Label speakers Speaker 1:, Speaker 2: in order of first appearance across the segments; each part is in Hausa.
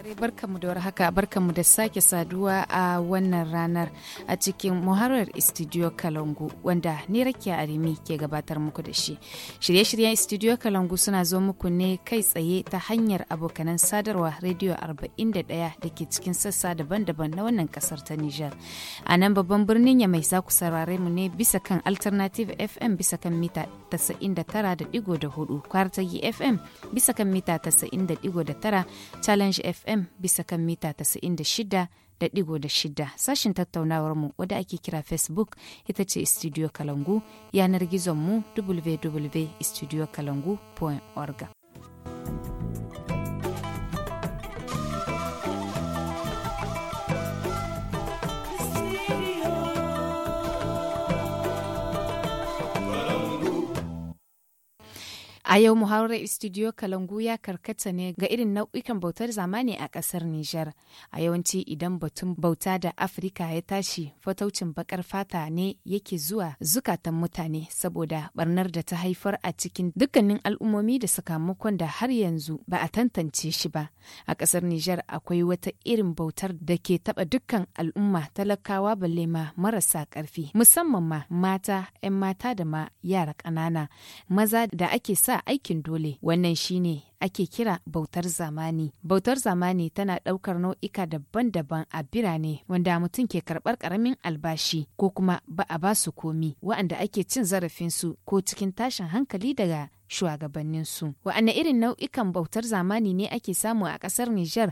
Speaker 1: saurare barkanmu da warhaka barkanmu da sake saduwa a wannan ranar a cikin muharar studio kalangu wanda ni rakiya arimi ke gabatar muku da shi shirye-shiryen studio kalangu suna zo muku ne kai tsaye ta hanyar abokanan sadarwa rediyo 41 da ke cikin sassa daban-daban na wannan kasar ta nijar a nan babban birnin ya mai zaku saurare mu ne bisa kan alternative fm bisa kan mita 99.4 kwartagi fm bisa kan mita 99.9 challenge fm FM bisa kan mita 96.6 da digo da shida sashin tattaunawar mu wadda ake kira facebook ita ce studio kalangu yanar gizon mu www.studiokalangu.org A yau muhawarar Studio Kalangu ya karkata ne ga irin nau'ikan bautar zamani a ƙasar Nijar. A yawanci idan batun bauta da Afirka ya tashi fataucin bakar fata ne yake zuwa zukatan mutane saboda barnar da ta haifar a cikin dukkanin al'ummomi da sakamakon da har yanzu ba a tantance shi ba. A ƙasar Nijar akwai wata irin bautar da ke taɓa dukkan al'umma talakawa balle ma marasa ƙarfi musamman ma mata, 'yan mata da ma yara ƙanana, maza da ake sa aikin dole. Wannan shine ake kira bautar zamani. Bautar zamani tana ɗaukar nau'ika daban-daban a birane wanda mutum ke karɓar ƙaramin albashi ko kuma ba a ba su komi wa'anda ake cin zarafinsu ko cikin tashin hankali daga shugabanninsu. Wa'anne irin nau'ikan bautar zamani ne ake samu a ƙasar Nijar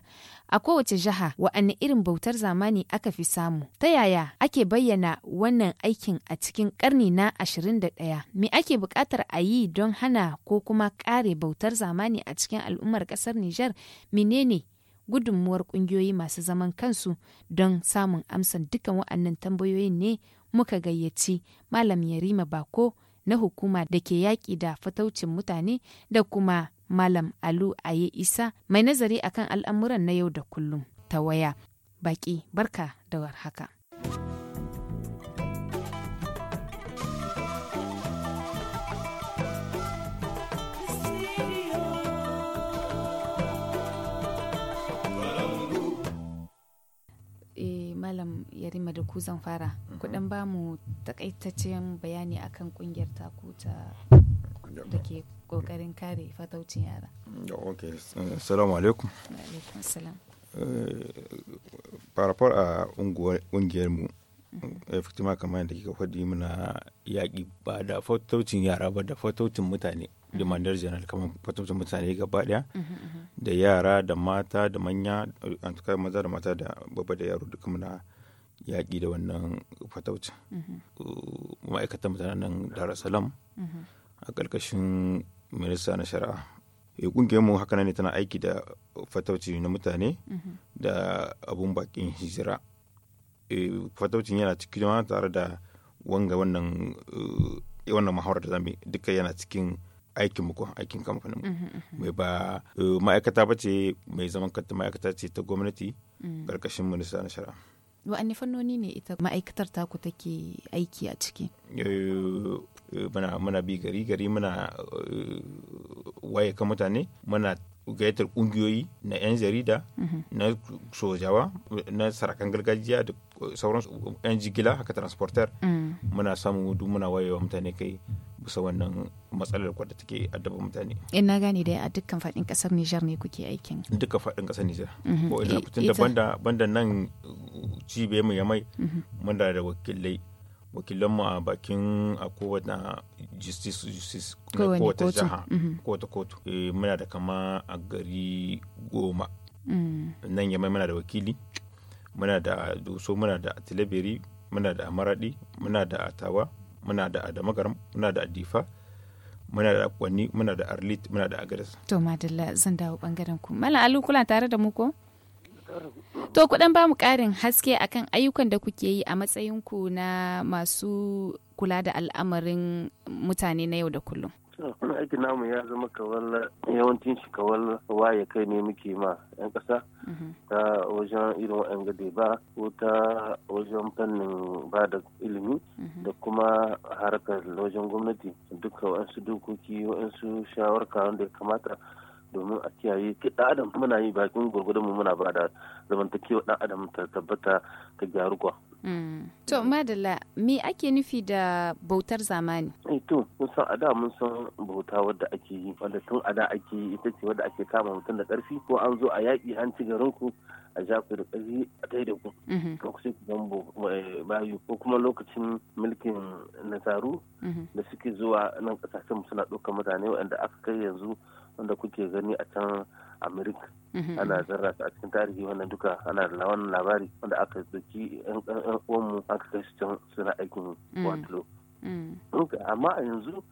Speaker 1: a kowace jiha wa'anne irin bautar zamani aka fi samu. Ta yaya ake bayyana wannan aikin a cikin ƙarni na 21? Me ake buƙatar a yi don hana ko kuma ƙare bautar zamani a cikin al'ummar ƙasar Nijar menene gudunmuwar ƙungiyoyi masu zaman kansu don samun amsan dukkan wa'annan tambayoyin ne muka gayyaci Malam Yarima Bako na hukuma da ke yaƙi da fataucin mutane da kuma Malam Alu Aye Isa mai nazari akan al'amuran na yau da kullum ta waya. Baƙi barka da warhaka. yarima da ku zan fara mhm. kudin ba mu takaitaccen bayani akan kungiyar taku ta da ke kokarin kare fataucin yara
Speaker 2: ok salamu alaikum alaikum assalam farafar eh, a kungiyar mu da kamar yadda kika faɗi muna yaƙi ba da fataucin yara ba da fataucin mutane mhm. demandar general kamar fataucin mutane gaba ɗaya mhm, da yara da mata da manya eh, an maza da mata da babba da yaro duka muna yaƙi da wannan fatauci mm-hmm. ma'aikatan mutanen dar salam mm-hmm. a ƙarƙashin minista na shari'a eh, ƙungiyar mu haka ne tana aiki da fatauci na mutane mm-hmm. da abun bakin hijira eh, fataucin yana cikin wani tare da wanga wannan eh, wannan muhawarar da zamu duka yana cikin aikin mu aikin kamfanin mai ba ma'aikata ba ce mai zaman kanta ma'aikata ce ta gwamnati mm. ƙarƙashin minista na shari'a
Speaker 1: wa'anne fannoni ne ita ma'aikatar taku take aiki a ciki
Speaker 2: eh, eh, muna muna bi gari gari muna eh, waye ka mutane muna gayyatar kungiyoyi na 'yan jarida mhm. na sojawa na sarakan gargajiya da sauran 'yan jigila haka transporter mm. muna samu duk muna wayewa mutane kai bisa wannan matsalar da take addaba mutane.
Speaker 1: In eh, na gane dai a dukkan faɗin ƙasar Nijar ne kuke aikin.
Speaker 2: Dukkan faɗin ƙasar Nijar. Mhm. Ko ina fitin eh, da banda banda nan uh, cibiyar mu yamai mhm. mun da da wakilai wakilan mu a bakin a kowace justice justice kowace jaha kowace kotu mhm. eh, muna da kama a gari goma mm. nan yamai muna da wakili muna da doso muna da tilabiri muna da maradi muna da atawa muna da adamagaram muna da adifa muna da kwanni muna da arlit muna da agres
Speaker 1: to madalla zan dawo bangaren ku mala alu kula tare da mu ko to ku ba bamu karin haske akan ayyukan da kuke yi a matsayin ku na masu kula da al'amarin mutane na yau da kullum
Speaker 3: kuma aiki namu ya zama kawar yawancin shi kawar waye kai ne muke ma 'yan ƙasa mhm. ta wajen irin wa'yan gade ba ko ta wajen fannin ba da ilimi mhm. da kuma harkar wajen gwamnati duka wa'yansu dokoki wa'yansu shawarka wanda ya kamata domin a kiyaye ɗan adam muna yi bakin gwargwadon mu muna ba da zamantakewa dan adam ta tabbata ta gyaru kwa.
Speaker 1: To Madalla me ake nufi da bautar zamani?
Speaker 3: Eh, to mun san ada mun san bauta wadda ake yi wanda tun ada ake yi ita ce wadda ake kama mutum da ƙarfi ko an zo a yaƙi hanci garin ku a ja da ƙarfi a tai da ku. Mhm. Ko ku zan eh, bayu ko kuma lokacin mulkin nasaru mhm. da suke zuwa nan ƙasashen suna ɗaukar mutane waɗanda aka kai yanzu wanda kuke gani a can amerika mhm. ana zarra su a cikin tarihi wannan duka ana da wannan labari wanda aka zaki yan uwanmu aka kai su can suna aikin mm. watlo mm. amma a yanzu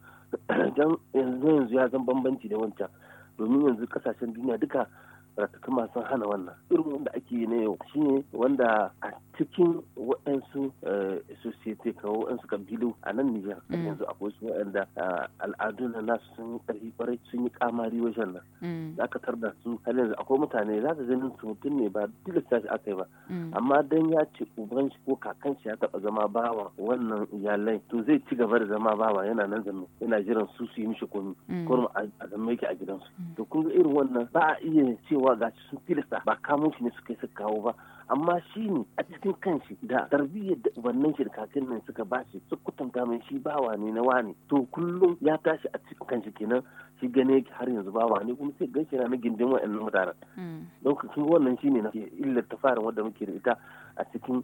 Speaker 3: yanzu yanzu ya zan bambanci da wancan domin yanzu kasashen duniya duka ratakama masu hana wannan irin wanda ake na yau shine wanda cikin waɗansu eh, societe ka waɗansu kabilu a nan Nijar mm. yanzu akwai su waɗanda eh, al'adu na nasu sun yi ƙarfi ƙwarai sun yi ƙamari wajen nan mm. za ka tarda su har yanzu akwai mutane za ka ganin su mutum ne ba tilasta shi aka yi ba mm. amma dan ya ce uban ko kakan shi ya taɓa zama bawa wannan iyalai to zai ci gaba da zama bawa yana nan zama yana jiran su su yi mishi komi ko a zama yake a gidansu to kun ga irin wannan ba a iya cewa ga sun tilasta ba kamun shi ne suka yi su kawo ba amma shi ne a cikin kanshi da tarbiyyar da ubannin shi da kakin nan suka bashi su kutanta mai shi bawa ne na wani to kullum ya tashi a cikin kanshi kenan shi gane har yanzu bawa ne kuma sai ganshi na gindin wa'annan mutanen hmm. don kuma wannan shi ne na illar ta fara wadda muke da ita a cikin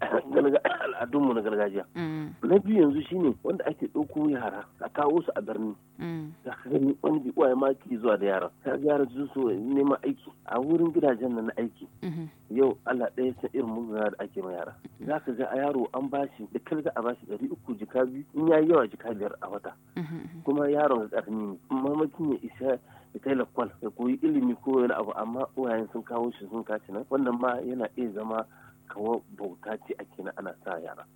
Speaker 3: al'adunmu na gargajiya. Mm. Na biyu yanzu shine wanda ake ɗauko yara a kawo su a birni. Mm. Za ka gani wani bi uwaye ma ke zuwa da yaran. Ka ga yaran so neman aiki a wurin gidajen nan na aiki. Mm-hmm. Yau Allah ɗaya san irin mugana da ake ma yara. Mm-hmm. Za ka ga a yaro an bashi da kalga a bashi ɗari uku jika biyu in ya yi yawa jika biyar a wata. Mm-hmm. Kuma yaron ga ƙarni ne. Mamakin ya isa ya kai lakwal ya koyi ilimi ko wani abu amma uwayen sun kawo shi sun kaci nan. Wannan ma yana iya zama kawo bauta ce ake na ana sa yara.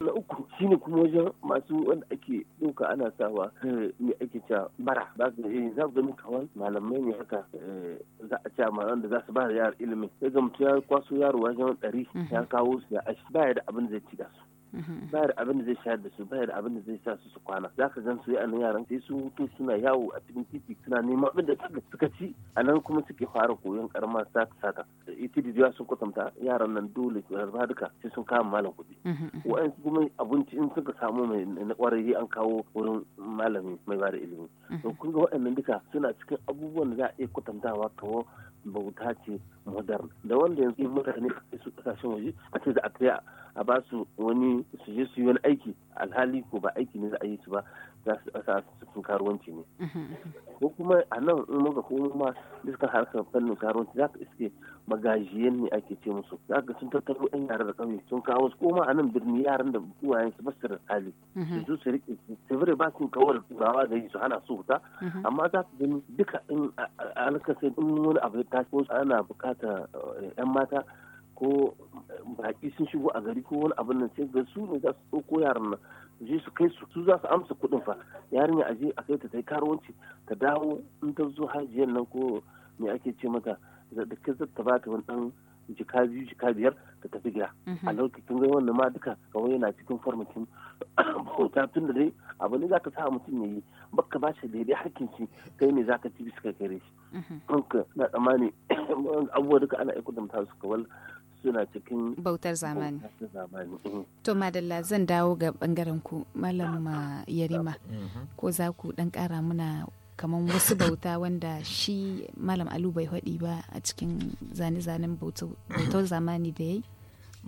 Speaker 3: Na uku shi ne kuma wajen masu wanda ake ɗauka ana sawa ne eh, ake cewa bara za su yi za su gani malamai ne haka eh, za a ce ma wanda za su ba da yara ilimi. Sai ga mutum ya kwaso yaro wajen ɗari ya kawo su ya ashi ba ya da abin zai ci da su. ba abin da zai shayar da su ba abin da zai sa su su kwana za ka gan su a yaran sai su mutu suna yawo a cikin titi suna neman abin da suka ci a nan kuma suke fara koyon karama sata sata ita da sun kwatanta yaran nan dole ba duka sai sun kama malam kuɗi
Speaker 4: mm-hmm. wa'an
Speaker 3: kuma abinci in suka samu mai na ƙwararri an kawo wurin malami mai ba ilimi mm-hmm. to kun ga waɗannan duka suna cikin abubuwan da za a iya kwatantawa kawo bauta ce modern da wanda yanzu mutane su kasashen waje a ce za a tsaya a ba su wani su je su yi wani aiki alhali ko ba aiki ne za a yi su ba za su ɗasa sufin karuwanci ne mhm. ko kuma a nan in muka koma ma dukkan harkar fannin karuwanci za ka iske magajiyan ne ake ce musu za ka sun tattaro ɗan yara da ƙauye sun kawo su koma a nan birni yaran da uwayen su basu da hali mhm. su zo su riƙe su ba su kawo da turawa da yi su hana su wuta mhm. amma za ka gani duka in alaka in wani abu ya tashi ana buƙata eh, ƴan mata ko eh, baƙi sun shigo a gari ko wani abin nan sai ga su ne za su ɗauko yaran nan je su kai su su za su amsa kuɗin fa yarinya a je a kai ta ta karuwanci ta dawo in ta zo hajiyar nan ko me ake ce mata da kai zata ta bata wani ɗan jika biyu jika biyar ta tafi gida mhm. a lokacin zai wannan ma duka kawai yana cikin farmakin bauta tun da dai abu ne za ka sa mutum ya yi baka ba shi daidai hakkin shi kai ne za ka ci bisa kai kare shi kanka mhm. na tsammani abubuwa duka ana aiko da mutane su kawal suna cikin bautar zamani eh.
Speaker 1: to madalla zan dawo ga bangaren ku malam yarima mhm. ko za ku dan kara muna kamar wasu bauta wanda shi malam alu bai haɗi ba a cikin zane-zanen bautar zamani da ya yi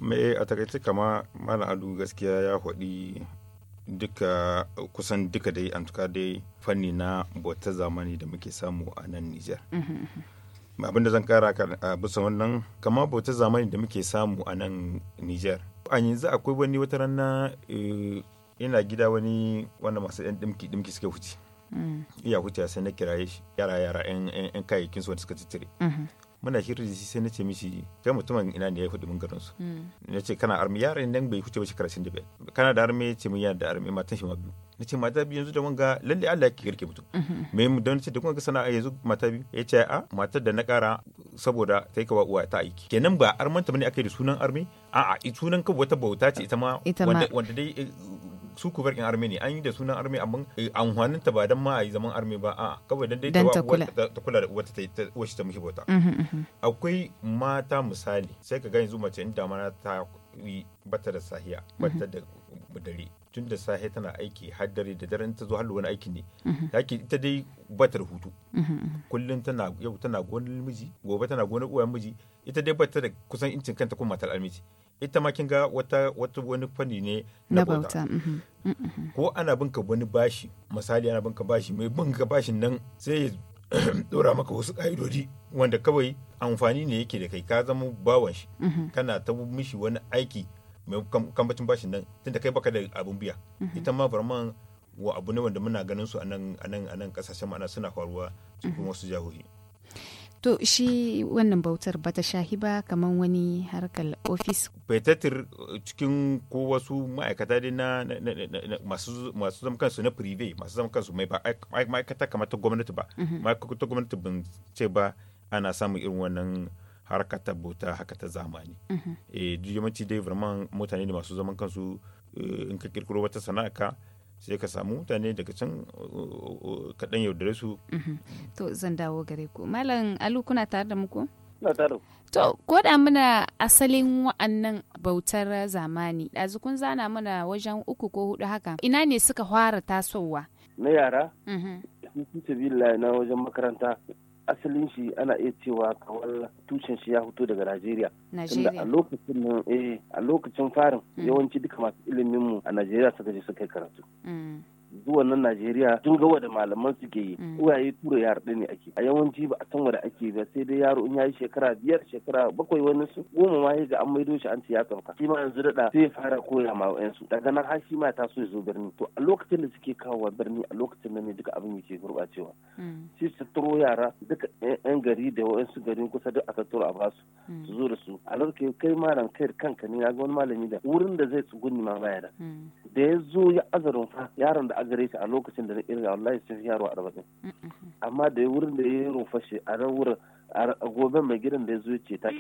Speaker 2: Me a takaice kama malam alu gaskiya ya haɗi duka kusan duka dai an tuka dai fanni na bautar zamani da muke samu a nan nijar mhm, mhm. abin da zan kara a bisa wannan kama bautar zamani da muke samu a nan niger a yanzu akwai wani wata rana eh, ina gida wani wanda masu yan dimki dimki suke huce mm. iya huce sai na kiraye shi yara yara yan kayayyakin su wanda suka tattare mm-hmm. muna shirin da shi sai na ce mishi kai mutumin ina ne ya yi hudumin garin su mm. na ce kana armi yaran nan bai huce ba shekara bai. kana da armi ya ce mun yana da armi matan shi ma biyu na ce mata biyu yanzu da wanga lalle Allah ya kirke mutum me mu don ce da kuma ga sana'a yanzu mata biyu ya ce a matar da na kara saboda ta yi kawa uwa ta aiki kenan ba armanta bane akai da sunan arme a'a sunan kawai wata bauta ce ita ma wanda dai eh, su ku barkin arme ne an yi da sunan arme amma eh, amfanin ta ba dan ma a yi zaman arme ba a'a kawai dan dai ta kula da uwarta ta wace ta mishi bauta akwai mata misali sai ka ga yanzu mace inda mana ta bata da sahiya bata da dare tun da safe tana aiki har dare da daren ta zo har wani aikin ne yaki mhm. ita dai ba ta hutu mhm, mhm. kullum tana yau tana gonar miji gobe tana gonar uwa miji ita dai ba da kusan incin kanta kuma matar almiji ita ma kin ga wata wata wani fanni ne na bauta ko ana binka wani bashi misali ana binka bashi mai binka bashin nan sai ya dora maka wasu ka'idodi wanda kawai amfani ne yake da kai ka zama bawan shi kana ta mishi wani aiki mai kambacin bashi nan da kai baka da abun biya mhm. ita ma barman wa abu ne wanda muna ganin su a nan a nan a nan kasashen ma'ana suna faruwa cikin mhm. wasu jahohi
Speaker 1: to shi wannan bautar bata shahi ba kamar wani harkar ofis
Speaker 2: betatir cikin ko wasu ma'aikata dai na masu zama kansu na prive masu zama kansu mai ba ma'aikata kamar ta gwamnati ba mhm. ma'aikata gwamnati ban ce ba ana samun irin wannan harkar ta bota haka ta zamani mhm. eh yawanci dai vraiment mutane ne masu zaman kansu eh, in ka kirkiro wata sana'a ka sai ka samu mutane daga can kaɗan yaudare su. Mhm. To zan dawo gare ku.
Speaker 1: Malam Alu kuna tare da muku?
Speaker 2: Na tare.
Speaker 3: To
Speaker 1: koda muna asalin wa'annan bautar zamani ɗazu kun zana mana wajen uku ko hudu haka ina ne suka fara tasowa?
Speaker 3: Na yara? Mhm. Na wajen makaranta asalin shi ana iya cewa kawar tushen shi ya fito daga Najeriya. Tunda a lokacin nan eh a lokacin farin hmm. yawanci duka masu ilimin mu a Najeriya suka je suka yi karatu. Hmm. zuwa nan Najeriya tun gawa da malaman suke yi mm. uwaye tura yar ne ake a yawanci ba a san ake ba sai dai yaro in yayi shekara biyar shekara bakwai wani su goma ma ga an maido shi an ce ya sauka shi ma yanzu daɗa sai fara koya ma su daga nan har shi ma ta so ya zo birni to a lokacin da suke kawowa birni a lokacin nan ne duka abin yake gurɓacewa mm. shi su turo yara duka yan gari da wayansu gari kusa duk aka turo a basu mm. su zo da su a lokacin kai malam kai kanka ne ya ga wani malami da wurin da zai tsugunni ma baya da da ya zo ya azarin fa yaron da a gare shi a lokacin da na a wallahi sun fi yaro arba'in amma da wurin da ya yi shi a nan wurin a goben mai gidan da ya zo ce ta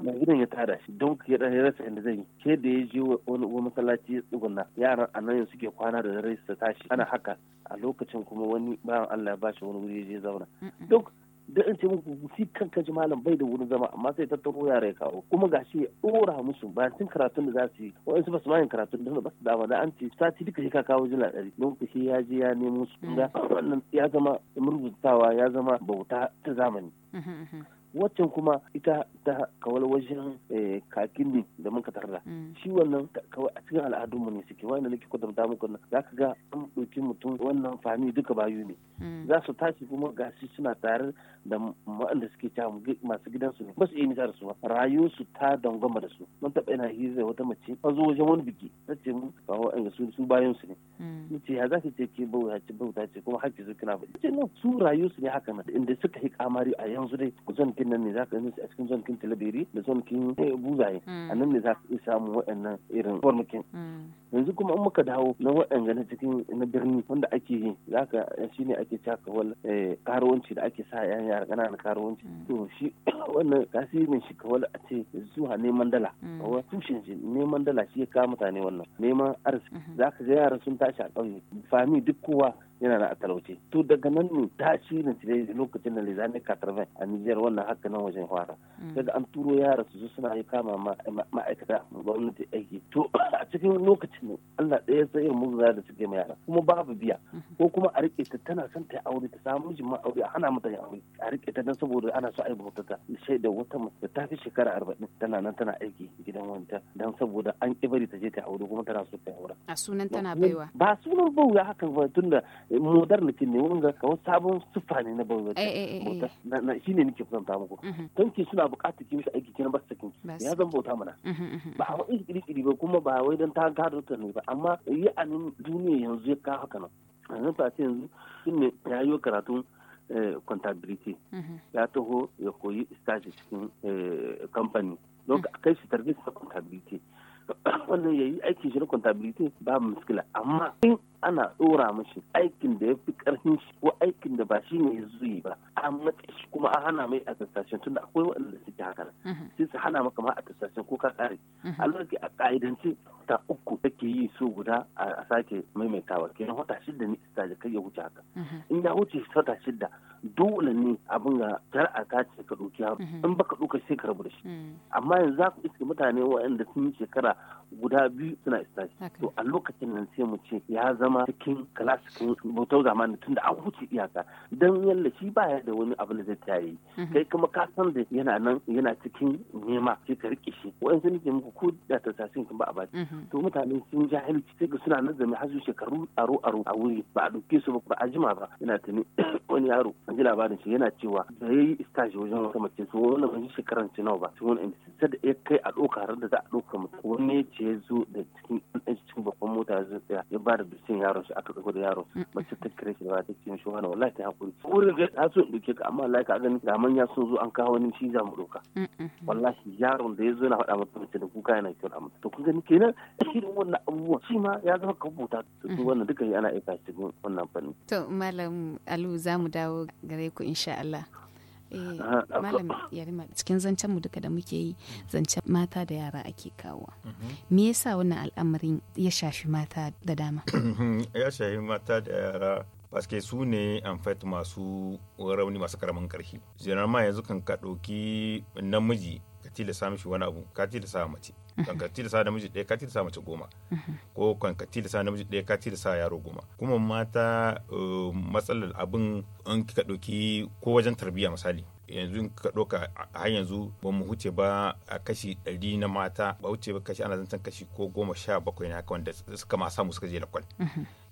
Speaker 3: mai gidan ya tada shi don ya dan rasa inda zai yi ke da ya je wani masallaci ya tsuguna yaran a nan suke kwana da rai su tashi ana haka a lokacin kuma wani bayan Allah ya bashi wani wuri ya je zauna duk da in ce muku shi kan kaji malam bai da wurin zama amma sai tattaro yara ya kawo kuma gashi ya dora musu bayan cin karatun da za su yi wa'ansu ba su ma yin karatun da ba su dama da an ce sati duka shi ka kawo jila ɗari don ku shi ya je ya nemo su da mm-hmm. wannan ya zama murgutawa ya zama bauta ta zamani mm-hmm, mm-hmm. waccan kuma ita ta kawal wajen eh, kakin ne da muka tarda mm. shi wannan kawai a cikin al'adunmu ne suke wanda nake kwatanta muku nan za ka ga an ɗauki mutum wannan fami duka bayu ne mm. za su tashi kuma shi suna tare da ma'anda suke cewa masu gidansu ne ba su iya nisa da su ba su ta dangwama da su mun taɓa yana hira wata mace an zo wajen wani biki ta ce mu ba wa su su bayan su ne mm. ni ce ya za ki ce ke bauta ce bauta ce kuma hakki su kina ba ce nan su rayuwarsu ne haka nan inda suka yi kamari a yanzu dai zan ke aikin nan ne za ka su a cikin zon kin talabiri da zon kin eh, buzaye mm. a nan ne za ka samu waɗannan irin formakin mm. yanzu kuma an muka dawo na waɗanda na cikin na birni wanda ake yi za ka eh, shi ne ake caka wal eh, karuwanci da ake sa yan yara ƙananan karuwanci mm. to shi wannan tasirin shi wala a ce zuwa neman dala kawai tushen shi neman dala shi ya kawo mutane wannan neman arziki mm-hmm. za ka ga yara sun tashi a ƙauye fami duk kowa yana da a to daga nan ne tasirin su lokacin da lizanin katarvin a nijar wannan haka nan wajen fara mm. daga an turo yara su suna yi kama ma'aikata gwamnati aiki to a cikin lokacin ne allah ɗaya sai mun muguza da suke ma yara kuma babu biya mm-hmm. ko kuma a riƙe ta tana son ta aure ta samu mijin ma aure a hana mata yin aure a riƙe ta don saboda ana so a yi bautata shaida wata mace ta fi shekara arba'in tana nan tana aiki gidan wanta don saboda an ƙi bari ta je ta aure kuma tana so ta aure
Speaker 1: a sunan tana baiwa
Speaker 3: ba sunan bauya haka ba tunda modernity ne wanga kamar sabon siffa ne na bauta eh, eh, eh, shi ne nake kusanta muku mhm. tanki suna buƙatar ki aiki kina ba sakin ya zan bauta mana mhm, mhm. ba a wani iri ba kuma ba wai dan ta gado ta ne ba amma yi anin duniya yanzu ya kawo haka nan a nan face yanzu shin ne ya yi karatun contability ya taho ya koyi stage cikin kamfani don a kai shi tarbiyya contability wannan ya yi aikin shi na contability ba muskila amma in ana dora mashi aikin da ya fi karfin shi ko aikin da ba shi ne ya zuyi ba a matse shi kuma a hana mai attestation tunda akwai waɗanda suke haka nan mhm. sai su hana maka ma attestation ko ka ƙare mhm. a lokaci a ƙa'idance ta uku take yi so guda a sake maimaitawa kenan wata shida ne stage kai ya wuce haka mhm. in ya wuce wata shida dole ne abin ga a ta ce ka ɗauki yaro in baka ɗauka sai ka rabu da shi mm. amma yanzu za ku iske mutane waɗanda sun yi shekara guda biyu suna istashi to a lokacin nan sai mu ce ya zama zama cikin klasikin bautar zamani tunda an huce iyaka don yalla shi baya da wani abu da zai tayi mhm. kai kuma ka san da yana nan yana cikin nema sai ka rike shi sun ke muku ko da ta sasin kin ba a baki mhm. to mutane sun jahilci sai ga suna nan zame har su shekaru aro aro a wuri ba a dauke su ba a jima ba yana tuni wani yaro an ji labarin shi yana cewa da yi stage wajen wata mace so wani ban ji shekaran ci nawa ba to wani sai da ya kai a ɗauka har da za a ɗauka mutum wani ya ce ya zo da cikin cikin babban mota ya zo ya ba da dusin cikin yaron shi aka dauko da yaron mace ta kira shi da ta cikin shi wani wallahi ta hakuri wurin ga ta so in duke ka amma wallahi ka gani da manya sun zo an kawo wani shi za mu doka wallahi yaron da ya zo na faɗa masa mace da kuka yana kira mata to ku gani kenan irin wannan abubuwa shi ma ya zama kabuta su wannan duka ana aika cikin wannan fanni
Speaker 1: to malam Alu za mu dawo gare ku insha Allah Eh, ah, malam yarima cikin zancen mu duka da muke yi zancen mata da yara ake kawo mhm. me yasa wannan al'amarin ya shafi mata da dama
Speaker 2: ya shafi mata da yara paske su ne an fait masu rauni masu karamin karfi general ma yanzu kan ka ɗauki namiji ka tilasta mishi wani abu ka tilasta mace kan ka tilasa namiji ɗaya ka tilasa mace goma ko kan ka tilasa namiji ɗaya ka tilasa yaro goma kuma mata eh, matsalar abin in kika ɗauki ko wajen tarbiyya misali yanzu ka ɗauka har yanzu ba mu huce ba a kashi ɗari na mata ba huce ba kashi ana zantan kashi ko goma sha bakwai na haka wanda suka ma samu suka je lakwal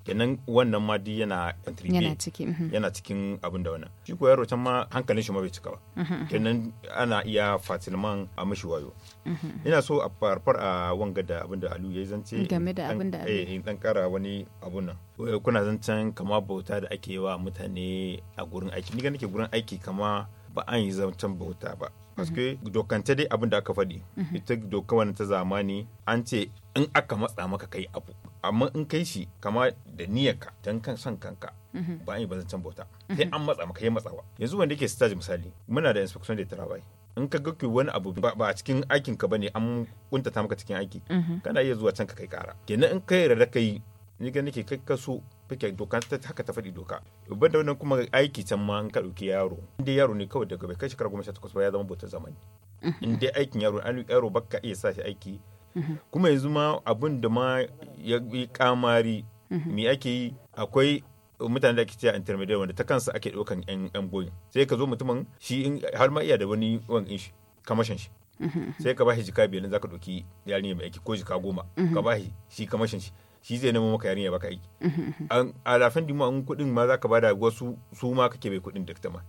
Speaker 2: kenan wannan ma duk yana mhm. yana cikin abin da wannan shi ko yaro can ma hankalin shi ma bai cika ba mhm, mhm. kenan ana iya fatilman a mishi wayo ina so a farfar a wanga da abin da alu ya zance game da abin da alu dan eh, kara wani abun nan eh, kuna zancen kama bauta da ake wa mutane a gurin aiki ni ga nake gurin aiki kama ba an yi zancen bauta ba Paske dokance dai abin da aka faɗi. Mhm. Ita doka wani ta zamani an ce in aka matsa maka kai abu. Amma in kai shi kama da niyyarka don kan son kanka mhm. ba an yi bazan can bauta. Mhm. Sai an matsa maka ya matsawa. Yanzu wanda ke stage misali muna da inspection da travail. in ka ga wani abu ba a cikin aikin ka bane an kuntata maka cikin aiki kana iya zuwa can ka kai kara kenan in kai rada kai ni ga nake kai so kake doka ta haka ta faɗi doka babban da wannan kuma aiki can ma an ka ɗauki yaro inda yaro ne kawai daga bai kai shekara goma sha takwas ba ya zama bautar zamani mhm. inda aikin yaro an yaro baka iya sa shi aiki mhm. kuma yanzu ma abin da ma ya yi kamari mhm. me ake yi akwai mutane da ake cewa intermediate wanda ta kansa ake ɗaukan yan goyin sai ka zo mutumin shi har ma iya da wani wani shi kamashin shi sai ka ba shi jika biyar za ka ɗauki yarinya mai aiki ko jika goma ka ba shi kamashin shi shi zai nemo maka yarinya baka aiki mhm, mhm. a lafin an kuɗin ma zaka bada wasu su ma kake bai kuɗin da ma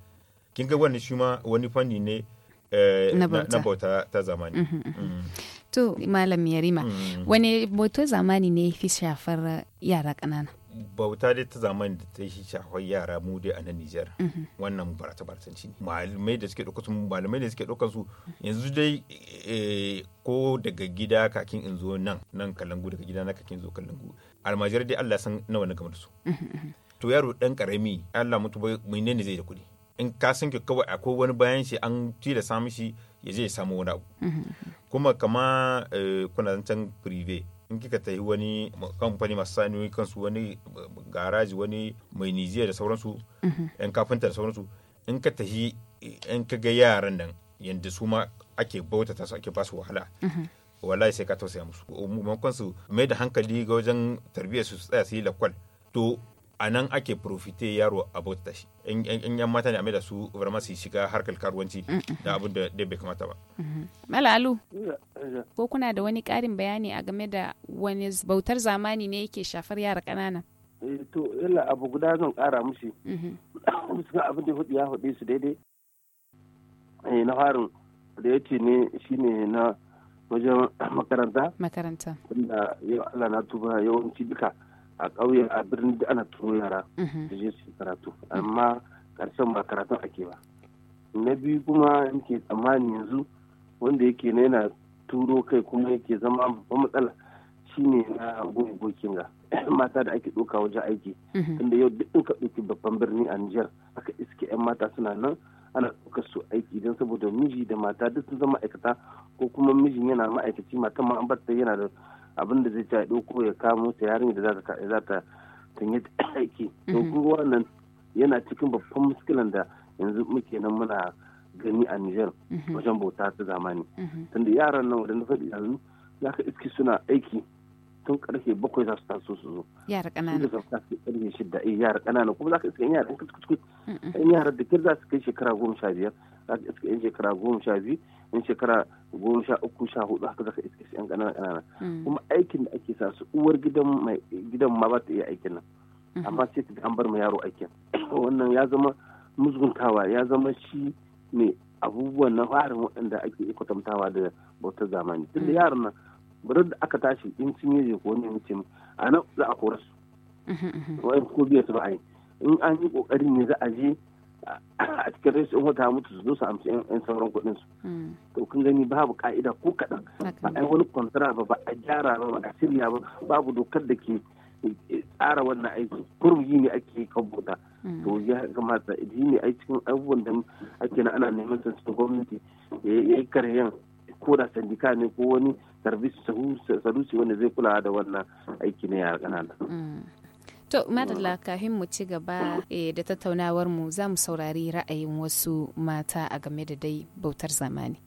Speaker 2: kin ga wannan shi ma wani fanni ne eh, na bauta ta zamani mhm, mm.
Speaker 1: to malam yarima mm. wani bauta zamani ne fi shafar yara ƙanana
Speaker 2: bauta dai ta zamani da ta shafar yara mu dai a nan Nijar wannan barata ne malamai da suke ɗaukar malamai da suke ɗaukar yanzu dai eh, ko daga gida kakin in zo nan nan kalangu daga gida na kakin zo kalangu almajirai dai Allah san nawa na gamar da su to yaro dan karami Allah mutu bai menene zai da kuɗi in ka san ki kawai akwai wani bayan shi an samu shi ya je ya samu wani abu
Speaker 4: mm-hmm.
Speaker 2: kuma kama eh, kuna zancen prive in kika tayi wani kamfani masu sani kansu wani garaji wani mai nijiya da sauransu mhm. yan kafinta da sauransu in ka tahi in ka ga yaran nan yadda su ma ake bautata su ake basu wahala mhm. wallahi sai ka tausaya musu maimakon su mai da hankali ga wajen tarbiyyar su tsaya su yi lakwal to a nan ake profite yaro a bauta shi in yan mata ne a da su vraiment su shiga harkar karuwanci da abin da bai kamata ba
Speaker 4: mm-hmm.
Speaker 1: malalu ko kuna da wani ƙarin bayani a game da wani bautar zamani ne yake shafar yara ƙanana
Speaker 3: eh, to yalla abu guda zan ƙara mushi musu. Mm-hmm. abin da ya faɗi su daidai eh, na harin da ya ce ne shi ne na wajen makaranta makaranta wanda yau Allah na tuba yawanci duka a ƙauye a birnin da ana turo yara da mhm. je su karatu amma karshen ba karatun ake ba na biyu kuma yake tsammani yanzu wanda yake na yana turo kai kuma yake zama babban matsala shine na gokin ga mata da ake ɗauka wajen aiki mhm. tunda yau duk in ka ɗauki babban birni a Nijar aka iske 'yan mata suna nan ana ɗauka su aiki don saboda miji da mata duk sun zama ma'aikata ko kuma mijin yana ma'aikaci matan ma an bar yana da abin da zai ci a ya kamo ta yarinya da za ta tunye aiki to mhm. kuma wannan yana cikin babban muskilan da yanzu muke nan muna gani a Nijar mhm. wajen bauta ta zamani mhm. tunda yaran nan wadanda faɗi yanzu za ka iski suna aiki tun karfe bakwai za su taso su zo yara ƙanana za su taso karfe shida eh, yara ƙanana kuma za ka iska yara ɗan kuskus yara da kyar za su kai shekara goma sha biyar za ka iska yan shekara goma sha biyu yan shekara goma sha uku sha hudu haka za ka iska yan ƙanana ƙanana mm. kuma aikin da ake sa su uwar gidan mai gidan ma ba ta iya aikin nan mm-hmm. amma sai ta an bar ma yaro aikin wannan ya zama musguntawa ya zama shi ne abubuwan na farin waɗanda ake kwatantawa da bautar zamani tun da mm-hmm. yaron nan bari da aka tashi in sun yi ko ne mutum a nan za a kora su mm-hmm, wani ko biya su ba a yi in an yi kokari ne za a je cikin su in ta mutu su zo su amshi yan sauran kuɗin su hmm. to kun gani babu ka'ida ko kaɗan ba a yi wani kwantara ba ba a gyara ba a shirya ba babu dokar da ke eh, tsara wannan aiki kurum yi ne ake bota hmm. to ya kamata yi ne a cikin abubuwan da ake na ana neman sa su gwamnati ya yi karyan ko da sandika ne ko wani service wanda zai kula da wannan aiki na yara ƙanana. Hmm.
Speaker 1: To, madalla kafin mu ci gaba eh, da tattaunawar mu za mu saurari ra'ayin wasu mata a game da dai bautar zamani.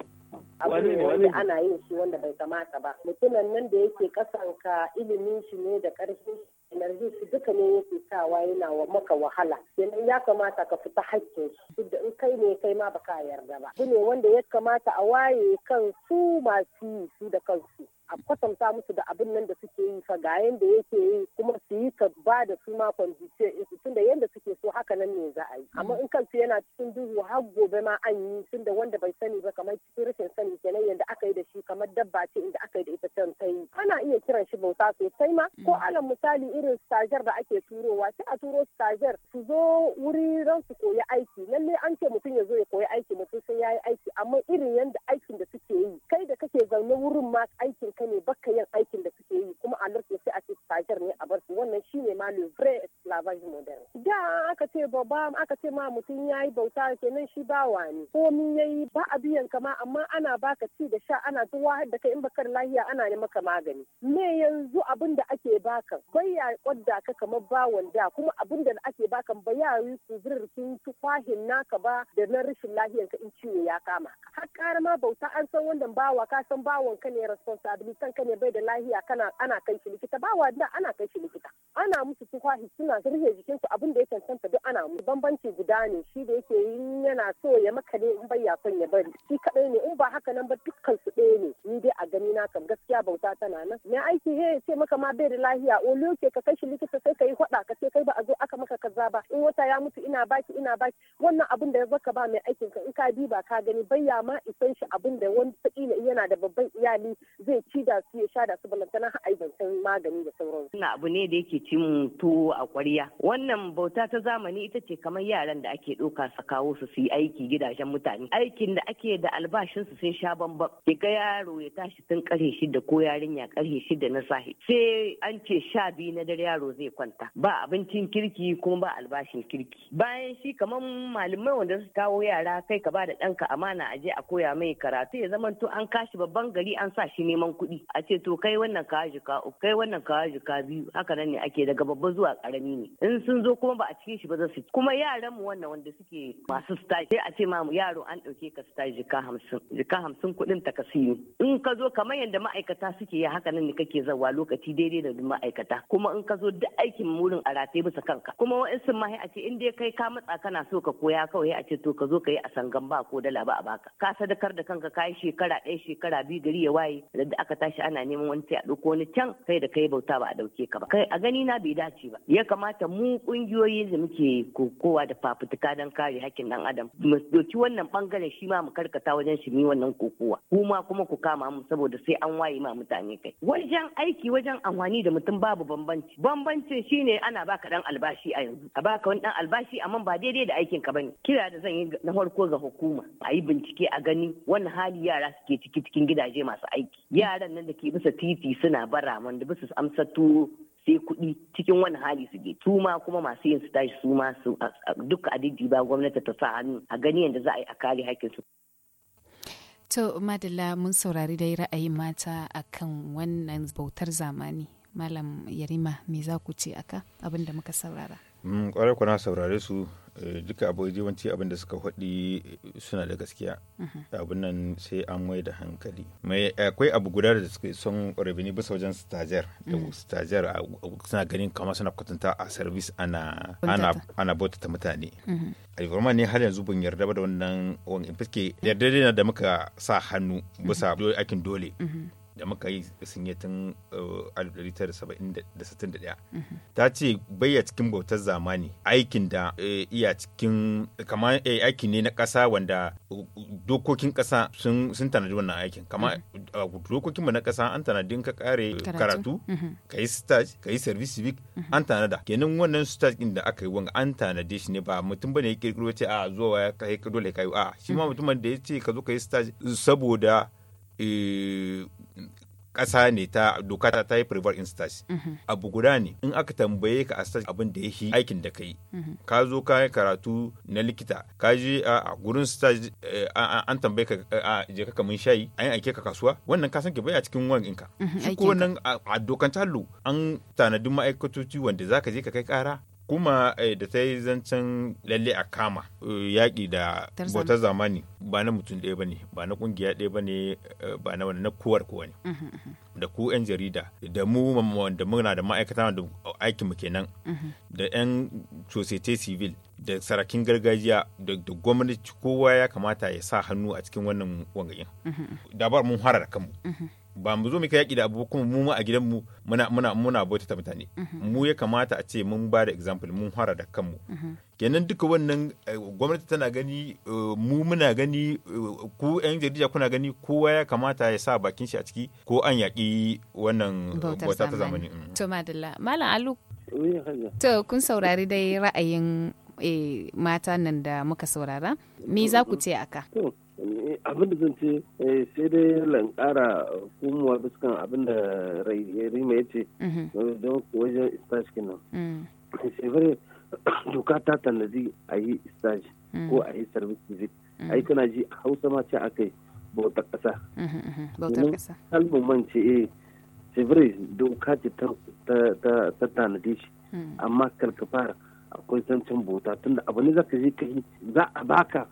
Speaker 3: abu ne
Speaker 5: wanda ana yin shi wanda bai kamata ba mutumin nan da yake kasanka ilimin shi ne da karfin energy shi duka ne yake sawa yana wa maka wahala kenan ya kamata ka fita haƙƙin shi duk da in kai ne kai ma baka yarda ba ne wanda ya kamata a waye kan su masu su da kansu a kwatanta musu da abin nan da suke yi fa ga yanda yake yi kuma su yi ka ba da su ma condition tunda yanda suke so haka nan ne za a yi amma in kansu yana cikin duhu har gobe ma an yi tunda wanda bai sani ba kamar cikin rashin sani kenan yanda aka yi da shi kamar dabba ce inda aka yi da ita can ta yi ana iya kiran shi bauta sosai ma ko mm. alal misali irin stajiyar da ake turowa sai a turo stajiyar su zo wuri ran su koyi aiki lallai an ce mutum ya zo ya koyi aiki mutum sai ya yi aiki amma irin yanda aikin da suke yi zaune wurin ma aikin ka ne baka yin aikin da suke yi kuma a sai a ce stagiaire ne a bar su wannan shine ma le vrai esclavage modern da aka ce babba aka ce ma mutum ya yi bauta kenan shi bawa ne komi ya yi ba a biyan kama amma ana baka ci da sha ana tuwa da kai in bakar lahiya ana ne maka magani me yanzu abin da ake baka bai ya kwadda ka kamar bawan da kuma abin da ake baka ba ya yi sun tufahin naka ba da na rashin lahiyan ka in ciwo ya kama har kara ma bauta an san wannan bawa ka san bawan ka ne responsibility ka ne bai da lahiya kana ana kai shi likita bawa da ana kai shi likita ana musu tufafi suna rufe su abin da ya cancanta duk ana musu bambanci guda ne shi da yake yin yana so ya maka ne in bai ya son ya bari shi kadai ne in ba haka nan ba dukkan su ɗaya ne ni dai a gani na kam gaskiya bauta tana nan me aiki he ce maka ma bai da lahiya o lokaci ka kai shi likita sai ka yi ka ce kai ba a zo aka maka kaza ba in wata ya mutu ina baki ina baki wannan abin da ya zaka ba mai aikin ka in ka bi ba ka gani bayya ma isan shi abin da wani kila yana da babban iyali zai ci da su ya sha da su balantana har san magani da sauran su. Wannan
Speaker 6: abu ne da yake cin to a ƙwarya. Wannan bauta ta zamani ita ce kamar yaran da ake ɗauka su kawo su su yi aiki gidajen mutane. Aikin da ake da albashin su sun sha bambam. Ki ga yaro ya tashi tun shi shida ko yarinya shi shida na sahi. Sai an ce sha biyu na dare yaro zai kwanta. Ba abincin kirki kuma ba albashin kirki. Bayan shi kamar malamai wanda su kawo yara kai ka bada ɗanka amana a je a koya mai karatu ya zama to an kashi babban gari an sa shi neman kuɗi a ce to kai wannan ka uku kai wannan ka ka biyu haka nan ne ake daga babba zuwa karami ne in sun zo kuma ba a cikin shi ba za su kuma yaran mu wannan wanda suke masu staji sai a ce ma yaro an ɗauke ka staji jika hamsin jika hamsin kuɗin ta siyo. in ka zo kamar yadda ma'aikata suke yi haka nan ne kake zawa lokaci daidai da ma'aikata kuma in ka zo duk aikin murin a rataye bisa kanka kuma wa'in sun ma a ce in dai kai ka matsa kana so ka ko ya kawai a ce to ka zo ka yi a sangan ba ko dala ba a baka ka sadakar da kanka ka yi shekara ɗaya shekara biyu gari ya waye da aka tashi ana neman wani sai a ɗauko wani can kai da kai bauta ba a ɗauke ka ba kai a gani na bai dace ba ya kamata mu ƙungiyoyi da muke kokowa da fafutuka don kare hakkin ɗan adam mu doki wannan bangaren shi ma mu karkata wajen shi wannan kokowa kuma kuma ku kama mu saboda sai an waye ma mutane kai wajen aiki wajen amfani da mutum babu bambanci bambancin shine ana baka dan albashi a yanzu a baka wani dan albashi amma ba daidai da aikin kanka bane kira da zan yi na farko ga hukuma a yi bincike a gani wani hali yara suke ciki cikin gidaje masu aiki yaran nan da ke bisa titi suna bara man da bisa amsa tuwo sai kuɗi cikin wani hali su je su ma kuma masu yin su tashi su ma su duka adidi ba gwamnati ta sa hannu a gani yadda za a yi a kare haƙƙinsu
Speaker 1: To Madalla mun saurari dai ra'ayin mata akan wannan bautar zamani. Malam Yarima me za ku ce aka abin da muka saurara?
Speaker 2: Kwarai mm, kuna saurare su Eh, duka yawanci abin da suka faɗi suna da gaskiya mhm. abin nan sai an mai da hankali mai akwai abu guda da suka son rabini bisa wajen stajiyar mm. da stajiyar suna ganin kamar suna kwatanta a service ana ana ta mutane mhm. alfarma ne har yanzu ban yarda ba da wannan wani fiske yarda da muka sa hannu mhm. bisa aikin dole da muka yi sun yi tun eh, mhm. ta ce bayya cikin bautar zamani aikin da eh, iya cikin kamar eh, aiki ne na ƙasa wanda dokokin ƙasa sun tanadi wannan aikin dokokin mhm. dokokinmu na ƙasa an tanadi ka kare karatu mhm. ka yi stage ka yi service civic an tanada kenan wannan stage din da aka yi wanga an tanadi shi ne ba mutum bane ya kirkiro ce a zuwa ya kai dole ka yi a shi ma mutum da ya ce ka zo ka yi stage saboda kasa ne ta doka ta yi privar instance mhm. abu guda ne in aka tambaye ka a abin da ya yi aikin da ka yi mhm. ka zo ka yi karatu na likita ka je a gurin stage eh, an tambaye ka je ka kamun shayi yi aike ka kasuwa wannan ka san ki baya cikin wani ka mhm, shi ko nan a dokan tallo an tanadin ma'aikatoci wanda za ka je ka kai kara kuma eh, da ta yi zancen lalle a kama eh, yaƙi da bauta zamani ba na mutum ɗaya ba ne ba na ƙungiya ɗaya ba ne eh, ba na wani na kowar kowa ne da ku 'yan jarida da mu da muna da ma'aikata da aikinmu kenan da 'yan societe civil da sarakin gargajiya da gwamnati kowa ya kamata ya sa hannu a cikin wannan wangayin dabar mun harar kanmu ba mu zo mu kai yaƙi da abu kuma mu a gidan mu muna muna muna ta mutane mhm. mu ya kamata a ce mun ba da example mun hara da kanmu mhm. kenan duka wannan eh, gwamnati tana gani eh, mu muna gani eh, ku yan jarida kuna gani kowa ya kamata ya sa bakin shi a ciki ko an yaƙi wannan bauta ta zamani mm.
Speaker 1: to madalla malam alu to kun saurari dai ra'ayin mata nan da muka saurara me za ku ce aka
Speaker 3: Eh, abin da zan ce eh, sai dai lankara kuma biskan abin da eh, rima ya ce mhm. don wajen stage kenan mm. shekaru doka ta tanadi a yi stage mm. ko a yi service visit mm. ai kana ji a hausa ma ce yi bautar kasa mm-hmm, mm-hmm. bautar kasa kalmomin ce eh shekaru doka ce ta tanadi shi amma kalkafar akwai zancen bauta tunda abu ne zaka je ka yi za a baka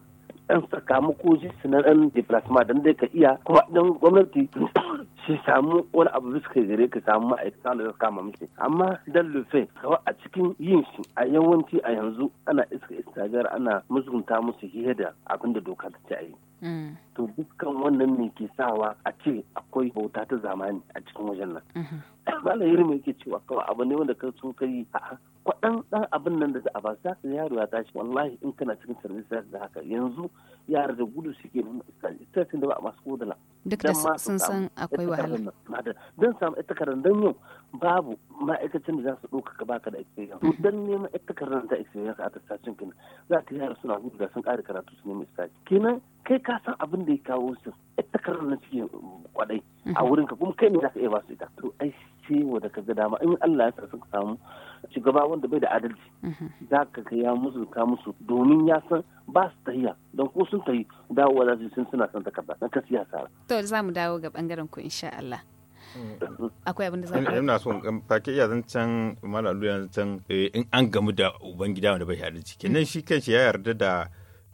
Speaker 3: yan sakamako shi su na ɗan diplasma don dai ka iya kuma don gwamnati shi samu wani abu bisa gare ka samu ma'aikata da kama mishi amma dan lufe kawai a cikin yin shi a yawanci a yanzu ana iska istagar ana musulunta musu hiya da abin da doka ta ce a yi mm. to dukkan wannan ne ke sawa a ce akwai bauta ta zamani a cikin wajen nan mm-hmm. malam yirma yake cewa kawai abu ne wanda ka so ka yi kwaɗan ɗan abin nan da za a ba za ka yaro ya tashi wallahi in kana cikin sarbi da haka yanzu yara da gudu suke ita ce da ba a masu kodala duk da sun san akwai wahala don samu ita karin don yau babu ma'aikacin da za su ɗauka ka baka da experience mm. don neman ita karan ta experience a tattacin kin za ta yara suna gudu da sun ƙari karatu su neman stage kenan kai ka san abin da ya kawo su ita karin na cikin kwadai a mm-hmm. wurin ka kuma kai ne za ka iya ba su ita to ai ce wa da ka ga dama in Allah ya sa suka samu shugaba wanda bai da adalci mm-hmm. za ka ga ya musu ka musu domin ya san ba su tahiya don ko sun tahi dawowa da su sun suna santa takarda na ta siyasa
Speaker 1: to za mu dawo ga bangaren ku insha Allah akwai abin da za ka ina
Speaker 2: so in fake iya zancen malalu ya zancen eh, in an gamu da ubangida wanda bai haɗu ciki mm. nan shi kanshi ya yarda da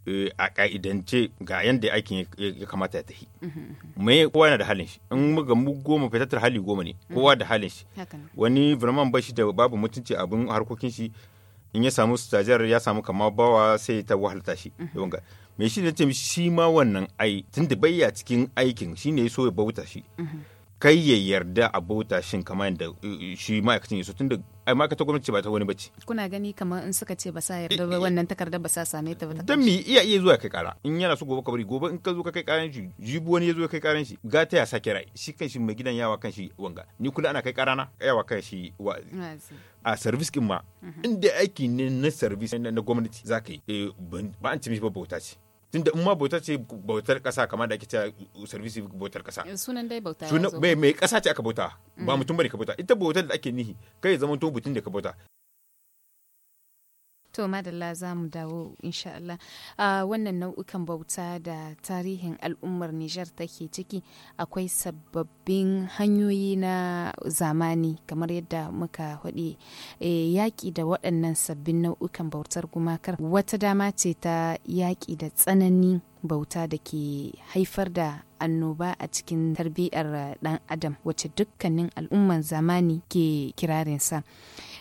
Speaker 2: eh, a ka'idance ga yadda aikin ya kamata ya tafi mm-hmm, mm-hmm. me kowa yana da halin shi in muga mu goma fitattar hali goma ne mm. kowa da halin shi wani birman bashi da babu mutunci abin harkokin shi in ya samu stajiyar ya samu kama bawa sai ta wahalta shi mhm. me mai shi ne ce shi ma wannan ai tun da bayya cikin aikin shi ne so ya bauta shi mhm. kai ya yarda a bauta shin kama yadda eh, shi ma'aikacin ya so tun da ai ma'aikatar gwamnati ba ta wani bace
Speaker 1: kuna gani kamar in suka ce ba sa yarda ba eh, eh, wannan takarda ba sa same ta ba
Speaker 2: dan mi iya iya zuwa kai kara in yana so gobe ka bari gobe in ka zo ka kai karan shi jibu wani ya zo kai karan shi ga ta ya sake rai shi kan shi mai gidan yawa kan shi wanga ni kula ana kai karana yawa kan shi
Speaker 4: wa'azi
Speaker 2: a service kin ma mhm. inda aiki ne na service na gwamnati za ka yi eh, ba an ci mishi ba bauta ce tunda in ma bauta ce bautar kasa kamar da ake ta eh, service bautar kasa eh,
Speaker 1: sunan dai bauta sunan mai mai
Speaker 2: kasa ce aka bauta ba mm. mutum bane ka bauta ita bautar da ake nihi kai zaman to butun da ka bauta
Speaker 1: To madalla za mu dawo insha Allah Uh, wannan nau'ukan bauta da tarihin al'ummar Nijar take ciki akwai sababbin hanyoyi na zamani kamar yadda muka haɗe yaƙi da waɗannan sabbin nau'ukan bautar gumakar wata dama ce ta yaƙi da tsanani bauta da ke haifar da annoba a cikin tarbiyyar ɗan adam wacce dukkanin al'ummar zamani ke kirarinsa. sa.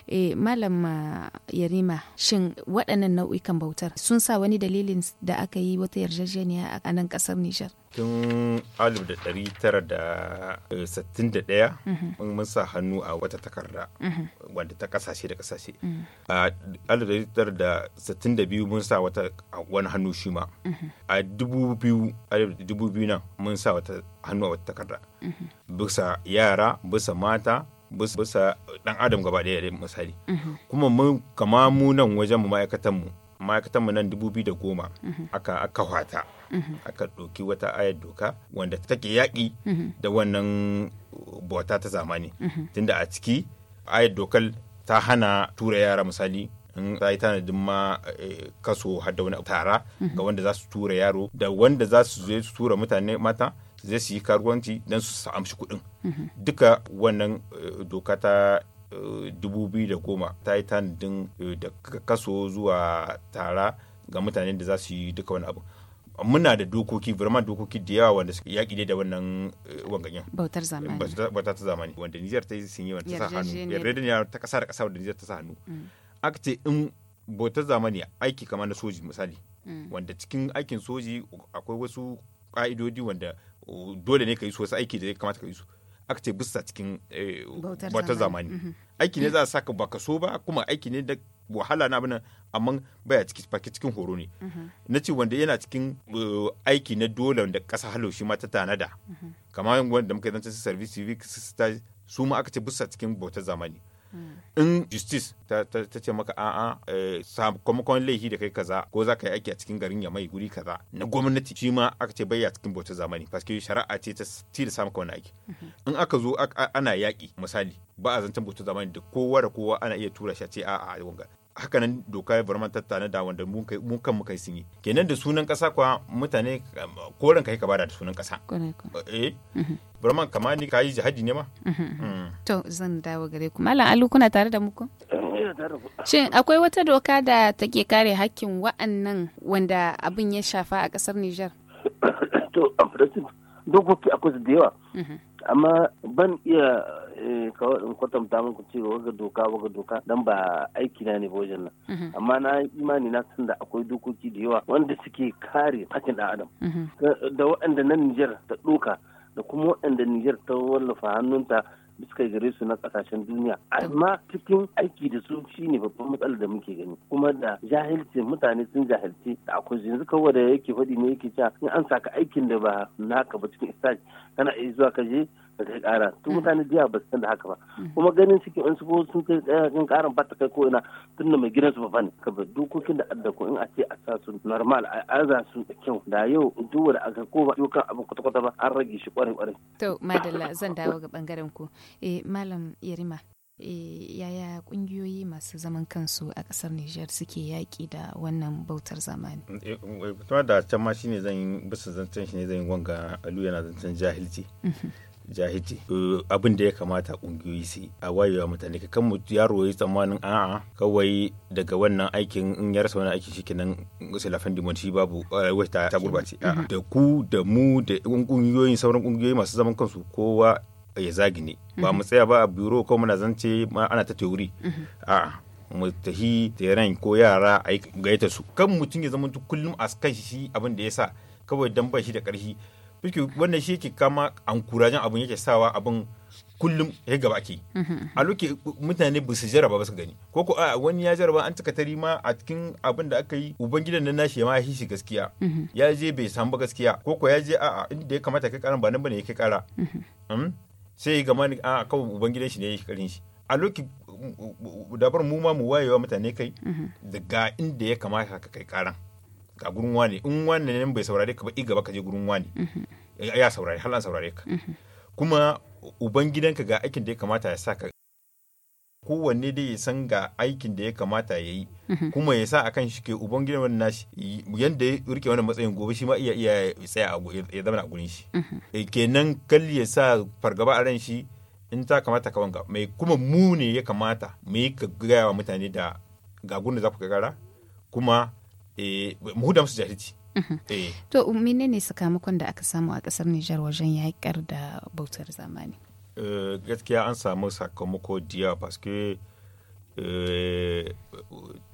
Speaker 1: e, malam ah, yarima shin waɗannan nau'ikan bautar sun sa wani dalilin da aka yi wata yarjejeniya a nan ƙasar nijar
Speaker 2: tun 1961 eh, mhm. mun sa hannu a wata takarda mhm. wanda ta kasashe da kasashe mm. a 1962 mun sa wata wani hannu shi ma mhm. a 2000 nan mun sa wata hannu a wata takarda bisa yara bisa mata bisa dan adam gaba ɗaya misali mhm. kuma mun kama mu nan wajen mu ma'aikatan mu ma'aikatan mu nan dubu biyu da goma. Mhm. aka aka hwata mhm. aka ɗauki wata ayar doka wanda take yaƙi da wannan bauta ta zamani tunda a ciki ayar dokar ta hana tura yara misali in za yi tanadin ma eh, kaso har wani tara ga wanda za su tura yaro da wanda za su tura mutane mata zai su yi karuwanci don su amshi kuɗin mhm. duka wannan eh, doka ta 2010 eh, ta yi tanadin eh, da kaso zuwa tara ga mutanen da za su yi duka wani abu muna da dokoki vraiment dokoki da yawa wanda suka yaƙi da wannan wanganyen bautar zamani bautar ta zamani wanda Nijar ta yi sun yi wanda ta sa hannu yarjejeniya ta ƙasa da ƙasa wanda Nijar ta sa hannu mm. aka ce in bautar zamani aiki kamar na soji misali mm. wanda cikin aikin soji akwai wasu ƙa'idodi wanda dole ne ka yi su wasu aiki da ya kamata ka yi su aka ce bisa cikin eh, bautar zamani mhm. aiki ne mhm. za a sa ba ka so ba kuma aiki ne da wahala na abin amma baya ciki fake cikin horo ne mhm. na ce wanda yana cikin eh, aiki na dole wanda ƙasa halo shi ma ta tanada kamar wanda muka zance su service civic su ma aka ce bisa cikin bautar zamani Mm. in justice ta ce maka a'a eh, sakamakon laifi da kai kaza ko za ka yi aiki a cikin garin ya mai guri kaza na gwamnati shi ma aka ce bayya cikin bautar zamani paske shari'a ce ta tilasta da wani aiki mm-hmm. in aka zo ana yaƙi misali ba a zancen bautar zamani da kowa da kowa ana iya tura shi a ce a'a wanga hakanan doka barman na da wanda mun kai kan muka yi kenan da sunan kasa kuwa mutane koren kai ka bada da sunan kasa eh mhm. barman kama ni kai jihadi ne ma mhm. mm.
Speaker 1: to zan dawo gare ku malam alu kuna tare da muku shin akwai wata doka da take kare hakkin wa'annan wanda abin ya shafa a kasar Niger
Speaker 3: to dokoki akwai da yawa mhm. amma ban iya eh, kawai in kwatanta muku cewa waga doka waga doka dan ba aiki na ne wajen nan mhm. amma na imani na san da akwai dokoki da yawa wanda suke kare hakin da adam mhm. da waɗanda na Nijar ta doka da kuma waɗanda Nijar ta wallafa hannunta da suka gare su na kasashen duniya amma cikin aiki da su shine babban matsalar da muke gani kuma da jahilci mutane sun jahilci da akwai yanzu kawai da yake faɗi ne yake cewa in an saka aikin da ba naka ba cikin istaj kana iya zuwa ka je da kai kara tun mm-hmm. mutane jiya ba su san da haka ba mm-hmm. kuma ganin suke in su sun kai tsayakin karan ba ta kai ko ina tunda mai gidan su ba ne ka ba dokokin da adda ko in a ce a sa su normal a aza su da kyau da yau duk wanda aka ko ba dokan abin kwata-kwata ba an rage shi kwarai kwarai
Speaker 1: to madalla zan dawo ga bangaren ku eh malam yarima eh, yaya kungiyoyi masu zaman kansu a kasar Nijar suke yaƙi da wannan bautar zamani.
Speaker 2: Kuma eh, eh, da can ma shine zan yi bisa zancen shi ne zan yi wanga alu yana zancen jahilci. Mm-hmm. jahilci abin da ya kamata kungiyoyi su a wayewa mutane kan yaro yi tsammanin a'a kawai daga wannan aikin in ya rasa wani aiki nan silafan dimon shi babu eh, wata ta gurbace mhm. da ku da mu da kungiyoyin sauran kungiyoyi masu zaman kansu kowa ya zagi ne ba mu mhm. tsaya ba a biro ko muna zance ma ana ta teori mhm. a'a mu tahi teren ko yara a gaita su kan mutum ya zama kullum a kan shi abin da ya sa kawai dan ba shi da karfi Biki wannan shi ke kama kurajen abin yake sawa abin kullum ya gaba ke. Mhm. A loke mutane ba su jaraba ba su gani. Ko ko a wani ya jaraba an cika tari ma a cikin abin da aka yi ubangidan nan nashi ma ya shi gaskiya. Mhm. Ya je bai samu ba gaskiya. Ko ko ya je a inda ya kamata kai karan ba nan bane ya kai kara. Mhm. Hmm? Sai ya gama a kawo ubangidan shi ne ya yi karin shi. A loke dabar mu ma mu wayewa mutane kai daga inda ya kamata ka kai karan. ka gurin wani in wani nan bai saurare ka ba i gaba ka je gurin wani mhm. ya saurare halan an saurare ka mhm. kuma ubangidanka ga aikin da ya kamata ya sa ka kowanne dai ya san ga aikin da ya kamata ya yi mhm. kuma ya sa a kan shi ke uban gidan wani nashi yadda ya rike wani matsayin gobe shi ma iya iya tsaya ya zama a gurin shi eh, kenan kal ya sa fargaba a ran shi in ta kamata ka wanga mai kuma mu ne ya kamata mu yi ka gaya wa mutane da ga gurin da za ku gara kuma Eh, mu da musu jahilci
Speaker 1: mhm. eh. to ne sakamakon da aka samu a kasar Nijar wajen yaƙar da bautar zamani
Speaker 2: eh, gaskiya an samu sakamako diya paske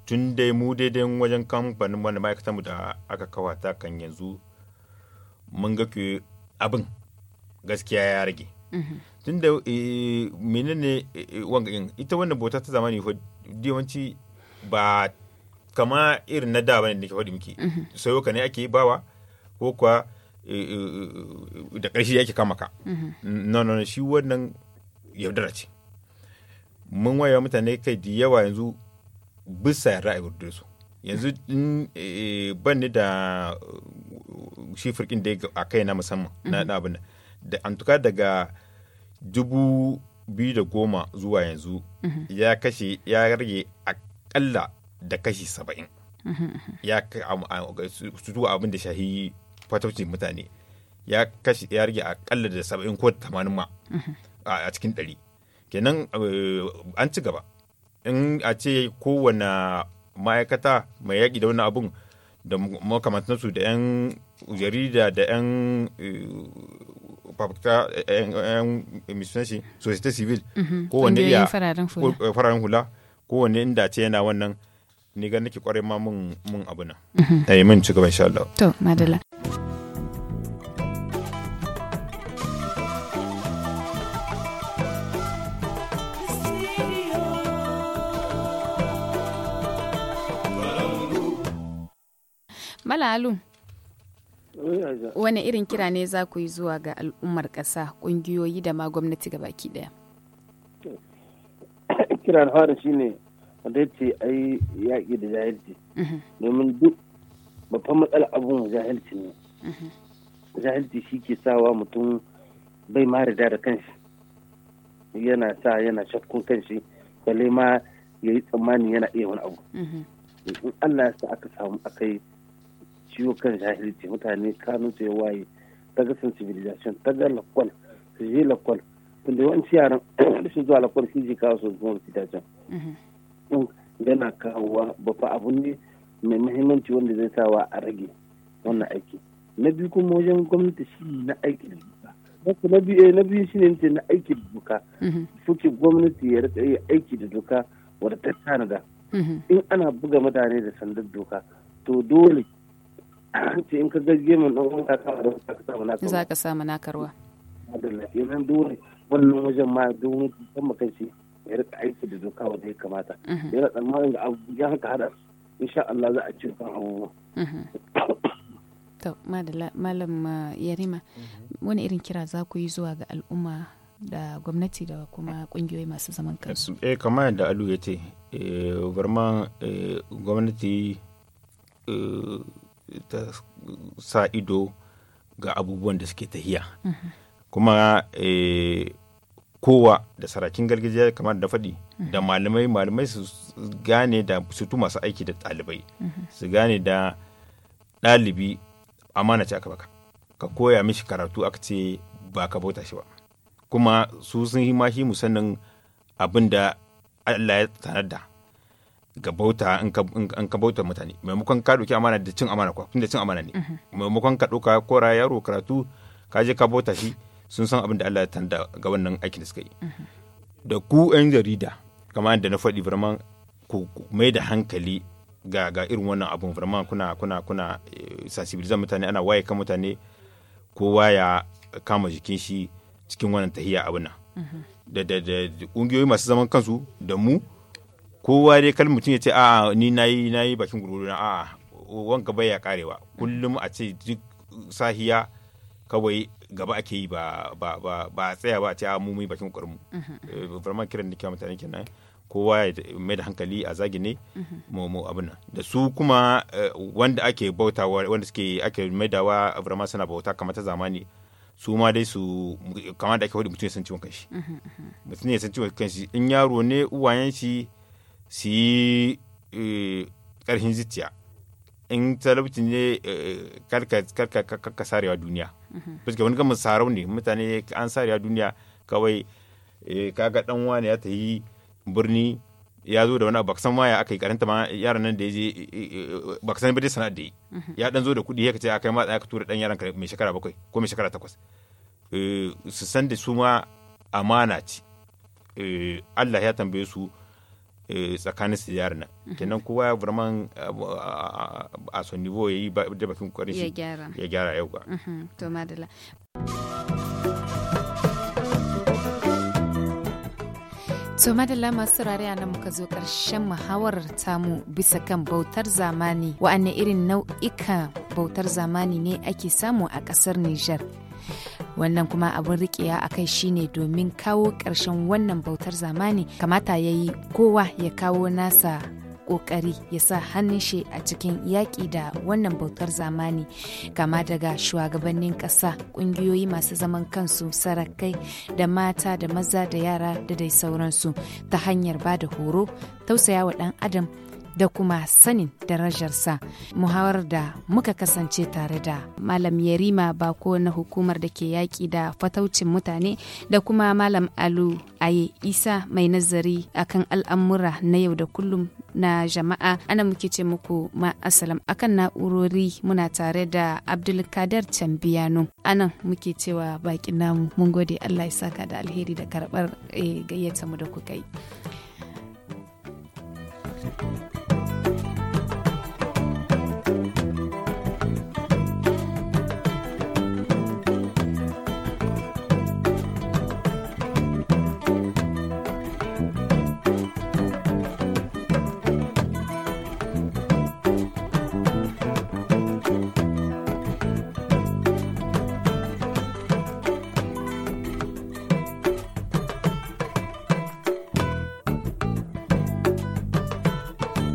Speaker 2: tun dai mu daidai wajen kamfanin wanda ma'aikatanmu da aka kawata kan yanzu mun ga ke abin gaskiya ya rage mhm. tun da menene wanga ita wannan bauta ta zamani diwanci ba kama irin na da bane da ke faɗi miki mhm. sayo ka ne ake bawa ko kuwa eh, eh, eh, da ƙarshe yake kama ka mhm. no shi wannan yaudara ce mun waya mutane kai da yawa yanzu bisa ra'ayi su yanzu in ban ni da shi firkin da a kai na musamman na mhm. abin da an tuka daga dubu biyu da goma zuwa yanzu ya kashe ya rage akalla da kashi saba'in ya zuwa abin da shahi fatauci mutane ya kashi ya rage akalla da saba'in ko tamanin ma a cikin ɗari kenan eh, an ci gaba in a ce kowane ma'aikata mai yaƙi da wani abun da makamantansu da 'yan jarida da 'yan eh, fafuta 'yan misunanshi societe civil kowane iya fararen hula eh, kowane inda ce yana wannan ni ga nake kwarai ma mun mun abu na. eh mun mhm. ci gaba insha Allah to
Speaker 1: madalla Malalu, wane irin kira ne za ku yi zuwa ga al'ummar ƙasa ƙungiyoyi da ma gwamnati gabaki daya.
Speaker 3: ɗaya? Kira fara shi ne wanda ya ce ai yaƙi da jahilci mhm. domin duk babban matsala abun jahilci ne mhm. jahilci shi ke sawa mutum bai ma rida da kanshi yana sa yana shakkun kanshi balle ma ya yi tsammani yana iya wani abu mhm. in allah ya sa aka samu akai ciwo kan jahilci mutane kanun ya waye ta ga sensibilization ta ga lakwal su je lakwal tunda yawanci yaran rashin zuwa lakwal shi ji kawo su zuwa sensibilization din yana kawowa ba fa abu ne mai muhimmanci wanda zai sawa a rage wannan aiki na biyu kuma wajen gwamnati shi na aiki da doka na biyu na biyu shine eh, ce na aiki da doka suke gwamnati ya rika yi aiki da doka wadda ta tanada mm-hmm. in ana buga mutane da sandar doka to dole ce in ka gaggye mun dan wanda ka da ka samu nakarwa za
Speaker 1: ka samu nakarwa
Speaker 3: dole wannan wajen ma gwamnati kan makanci ya rika aiki da doka wanda ya kamata mhm. yana tsammanin da abu ya haka hada insha Allah za a ci kan abubuwa
Speaker 4: mhm.
Speaker 1: to malam uh, yarima mhm. wani irin kira za ku yi zuwa ga al'umma da gwamnati da kuma kungiyoyi masu zaman
Speaker 2: kansu eh kamar yadda alu ya ce vraiment eh, eh, gwamnati eh, ta sa ido ga abubuwan da suke tahiya kuma kowa da sarakin gargajiya kamar da faɗi da malamai malamai su gane da sutu masu aiki da ɗalibai mhm. su gane da ɗalibi amana ce aka baka ka koya mishi karatu aka ce ba ka bauta shi ba kuma su sun yi mashi musannin abin da Allah ya tanar da ga bauta in ka bauta mutane maimakon ka ɗauki amana da cin amana kuwa da cin amana ne mhm. maimakon ka ɗauka kora yaro karatu ka je ka bauta shi sun san abin da Allah ya tanda ga wannan aikin da suka yi da ku 'yan jarida kamar da na faɗi birman ku mai da hankali ga ga irin wannan abun birman kuna kuna kuna eh, sensibilizar mutane ana waye kan mutane kowa ya kama jikin shi cikin wannan tahiya abin nan da da da kungiyoyi masu zaman kansu da mu kowa dai kalmi mutum ya ce a ni nayi nayi bakin gurguru na a'a wanka bai ya karewa kullum a ce duk sahiya kawai gaba ake yi ba ba ba ba tsaya ba ta ah, mu mai bakin kwarmu mu vraiment mhm. eh, kiran da kyau mutane kenan kowa ya mai da hankali a zagi ne mhm. mu abin da su kuma eh, wanda ake bauta wanda suke ake wa vraiment suna bauta kamar ta zamani su ma dai su kamar da ake hudu mutum ya san ciwon kanshi mhm, mutum ya san ciwon kanshi in yaro ne uwayen shi su yi karhin eh, zuciya in talabci ne karka sarewa duniya Bisa wani gama sarau ne mutane an ya duniya kawai eh, kaga dan wani ya tafi birni ya zo da wani baksan waya ya aka yi karanta ma yaran nan da ya je eh, eh, baksan bai sana'a da ya dan mhm. zo da kuɗi ya kace akai ma tsaya ka tura dan yaran mai shekara bakwai ko mai shekara takwas su san da su ma amana ce Allah ya tambaye su Eh, tsakanin su yaran mhm. kenan kowa vraiment a son niveau yayi da bakin kwarin shi ya gyara yau ba.
Speaker 1: Mhm. to madala To madalla masu a nan muka zo karshen muhawarar tamu bisa kan bautar zamani wa'anne irin nau'ika bautar zamani ne ake samu a ƙasar Nijar. wannan kuma abin riƙewa a kai shine domin kawo ƙarshen wannan bautar zamani kamata ya yi kowa ya kawo nasa ƙoƙari. ya sa hannun shi a cikin yaƙi da wannan bautar zamani kama daga shugabannin ƙasa ƙungiyoyi masu zaman kansu sarakai da mata da maza da yara da dai sauransu ta hanyar ba da horo tausayawa ɗan adam da kuma sanin darajarsa muhawar da muka kasance tare da malam yarima bako na hukumar da ke yaƙi da fataucin mutane da kuma malam alu aye isa mai nazari akan al'amura na yau da kullum na jama'a ana muke ce muku ma asalam akan na'urori muna tare da abdulkadir cambiyano anan muke cewa bakin namu mun gode allah ya saka da alheri da karɓar eh, gayyata mu da kuka yi thank you